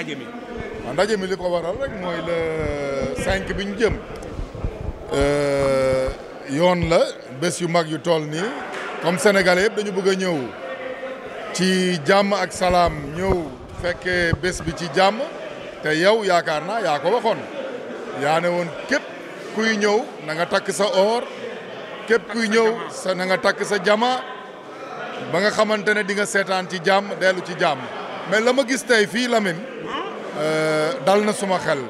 manda mi waaw ndaje mi li ko waral rek mooy le cinq bi ñu jëm euh, yoon la bés yu mag yu toll ni comme sénégalais yëpp dañu bëgg a ñëw ci jàmm ak salaam ñëw fekkee bés bi ci jàmm te yow yaakaar naa yaa ko waxoon yaa ne woon képp kuy ñëw na nga sa or képp kuy ñëw sa na nga sa jama ba nga xamante di nga seetaan ci jàmm dellu ci jàmm mais gis Lamine Euh, dal na suma xel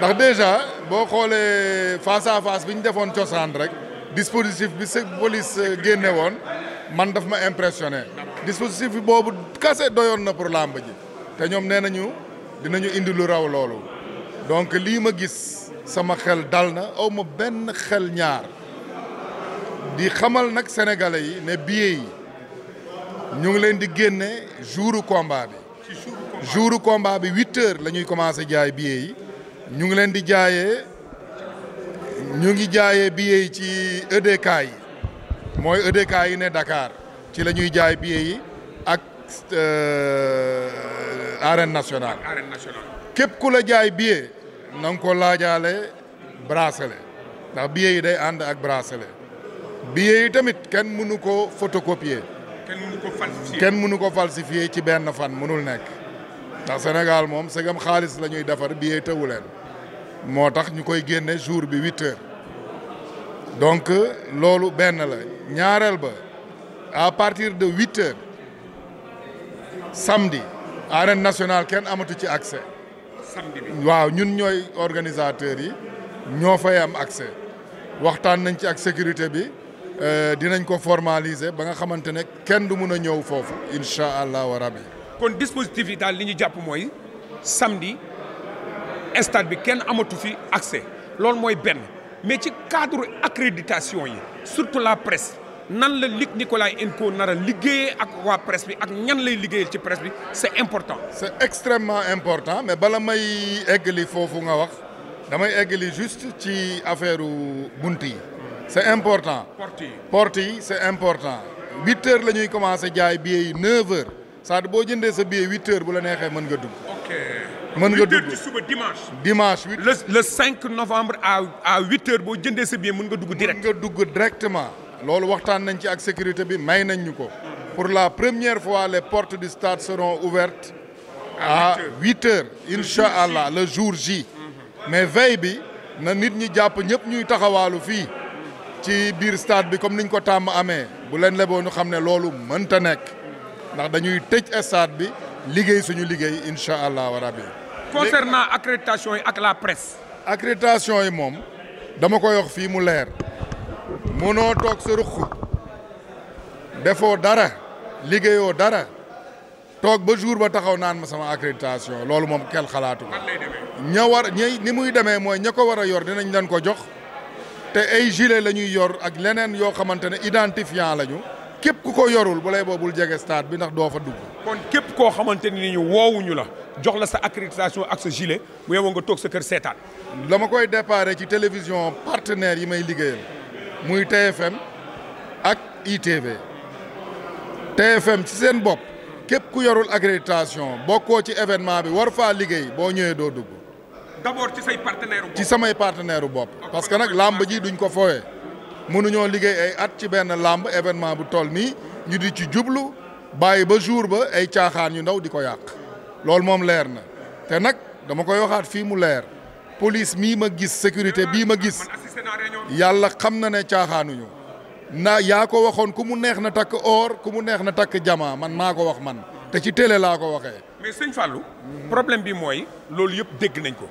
ndax déjà boo xoolee face à face bi ñu defoon cosaan rek dispositif bi sa police euh, génne woon man daf ma impressionné dispositif bi boobu kase doyoon na pour làmb ji te ñoom nee nañu dinañu indi lu raw loolu donc lii ma gis sama xel dal na aw ma benn xel ñaar di xamal nag sénégalais yi ne bii yi ñu ngi leen di génne jouru combat bi jouru combat bi huit heures la ñuy commencé jaay billets yi ñu ngi leen di jaaye ñu ngi jaayee billets yi ci EDK yi mooy EDK yi ne dakaar ci la ñuy jaay billets yi ak euh, arène nationale. arène képp ku la jaay billet nan ko laajaale bracelet ndax billets yi day ànd ak bracelet billets yi tamit kenn mënu ko photocopier. kenn mënu ko falsifier kenn mënu ko falsifier ci benn fan mënul nekk. ndax Sénégal moom segam xaalis la ñuy defar billet tëwu leen moo tax ñu koy génne jour bi huit donc loolu benn la ñaareel ba à partir de huit heures samedi arène nationale kenn amatu ci accès. waaw ñun ñooy organisateurs yi ñoo fay am accès waxtaan nañ ci ak sécurité bi euh, dinañ ko formaliser ba nga xamante ne kenn du mun a ñëw foofu incha allah wa rabbi kon dispositif yi daal li ñu jàpp mooy samedi stade bi kenn amatu fi accès loolu mooy benn mais ci cadre accréditation yi surtout la presse nan la Luc nicolas Enco nar a liggéeyee ak waa presse bi ak ñan lay liggéeyal ci presse bi c'est important. c'est extrêmement important mais bala may eggali foofu nga wax damay eggali juste ci affaire bunt yi. c'est important porte yi porte yi c'est important 8 heures la ñuy commencer jaay billets yi 9 heures. Ça a beau jinder ce billet 8 h vous l'avez fait, mon Ok. 8 h du soir, dimanche. Dimanche, 8 h Le, 5 novembre à, à 8 h vous jinder ce billet, mon gars, direct. Mon gars, directement. Lol, Wartan Nanti avec sécurité, mais il y Pour la première fois, les portes du stade seront ouvertes à 8 h Inch'Allah, le jour J. Mais veille, nous avons dit que nous avons dit ci le stade bi comme niñ ko tam amé bu len le bo ñu xamné lolu mën ta nek ndax dañuy tëj stade bi liggéey suñu liggéey incha allahu rabi. concernant accréditation yi ak la presse. accréditation yi moom dama ko wax fii mu leer mënoo toog sa ruq defoo dara liggéeyoo dara toog ba jour ba taxaw naan ma sama accréditation loolu moom kenn xalaatu ña war ñi ni muy demee mooy ña ko war a yor dinañ leen ko jox te ay gilet la ñuy yor ak leneen yoo xamante ne identifiant lañu. képp ku ko yorul bu lay bobul jege stade bi ndax doo fa dugg. kon képp ko xamanteni ni ñu woowuñu la jox la sa accréditation ak sa gilet mu yewon nga tok sa kër seetaan. lama koy déparé ci télévision partenaire yi may liggéeyal muy TFM ak ITV TFM ci sen bop képp ku yorul accréditation bokkoo ci événement bi war fa liggéey bo ñëwee do dugg. d'abord ci say partenaire ci samay partenaire bop parce que nak lamb ji duñ ko fowé mënuñoo liggéey ay at ci benn làmb événement bu toll nii ñu di ci jublu bàyyi ba jour ba ay caaxaan yu ndaw di ko yàq loolu moom leer na te nag dama koy waxaat fii mu leer police mii ma gis sécurité bii ma gis yàlla xam na ne caaxaanuñu na yaa ko waxoon ku mu neex na takk or ku mu neex na takk jamaa man maa ko wax man te ci télé laa ko waxee. mais problème bi mooy loolu yëpp dégg nañ ko.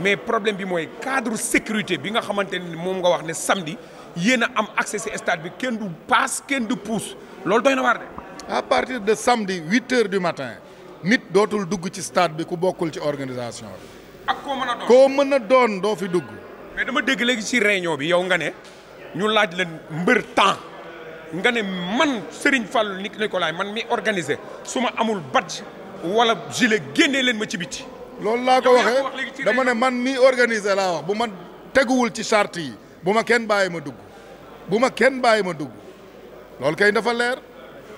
mais problème bi moy cadre sécurité bi nga xamanteni mom nga wax ne samedi yéen am accès si stade bi kenn du passe kenn du pousse loolu doyna war waar de. à partir de samedi 8 heures du matin nit dootul dugg ci stade bi ku bokul ci organisation bi. ak koo mën a doon fi dugg. mais dama dégg légui ci réunion bi yow nga né ñu laaj la mbeur temps nga né man Serigne Fallou Nicolaï man mi organiser suma amul badge wala gilet génnee leen ma ci biti. loolu laa ko waxee dama ne man nii organiser laa wax bu ma teguwul ci charte yi bu ma kenn bàyyi ma dugg bu ma kenn bàyyi ma dugg loolu kay dafa leer.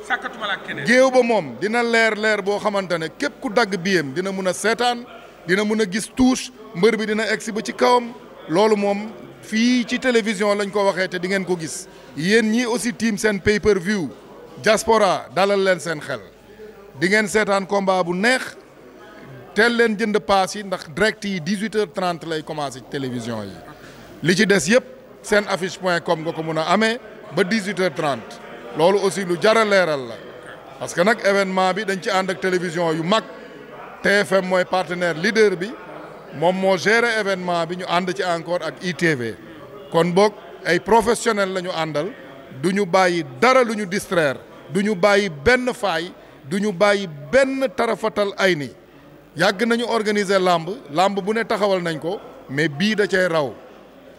sàkkatuma géew ba moom dina leer leer boo xamante ne képp ku dagg biyam dina mun a seetaan dina mun a gis touche mbër bi dina egsi ba ci kawam loolu moom fii ci télévision lañ ko waxee te di ngeen ko gis. yéen ñii aussi tiim seen pay per view diaspora dalal leen seen xel di ngeen seetaan combat bu neex. Tel leen jënd paas yi ndax direct yi 18h30 lay commencé ci télévision yi li ci dess yëpp seen affiche point com nga ko mun amé ba 18h30 loolu aussi lu jar a parce que nak événement bi dañ ci and ak télévision yu mag TFM mooy partenaire leader bi moom moo gérer événement bi ñu ànd ci encore ak ITV kon boog ay professionnel la ñu àndal du bàyyi dara lu ñu distraire duñu ñu bàyyi benn faay duñu bàyyi tarafatal ay yàgg nañu organiser làmb làmb bu ne taxawal nañ ko mais bii da cay raw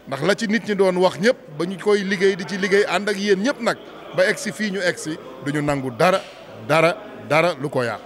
ndax la ci nit ñi doon wax ñëpp ba ñu koy liggéey di ci liggéey ànd ak yéen ñëpp nag ba egsi fii ñu egsi du ñu nangu dara dara dara lu ko yàq.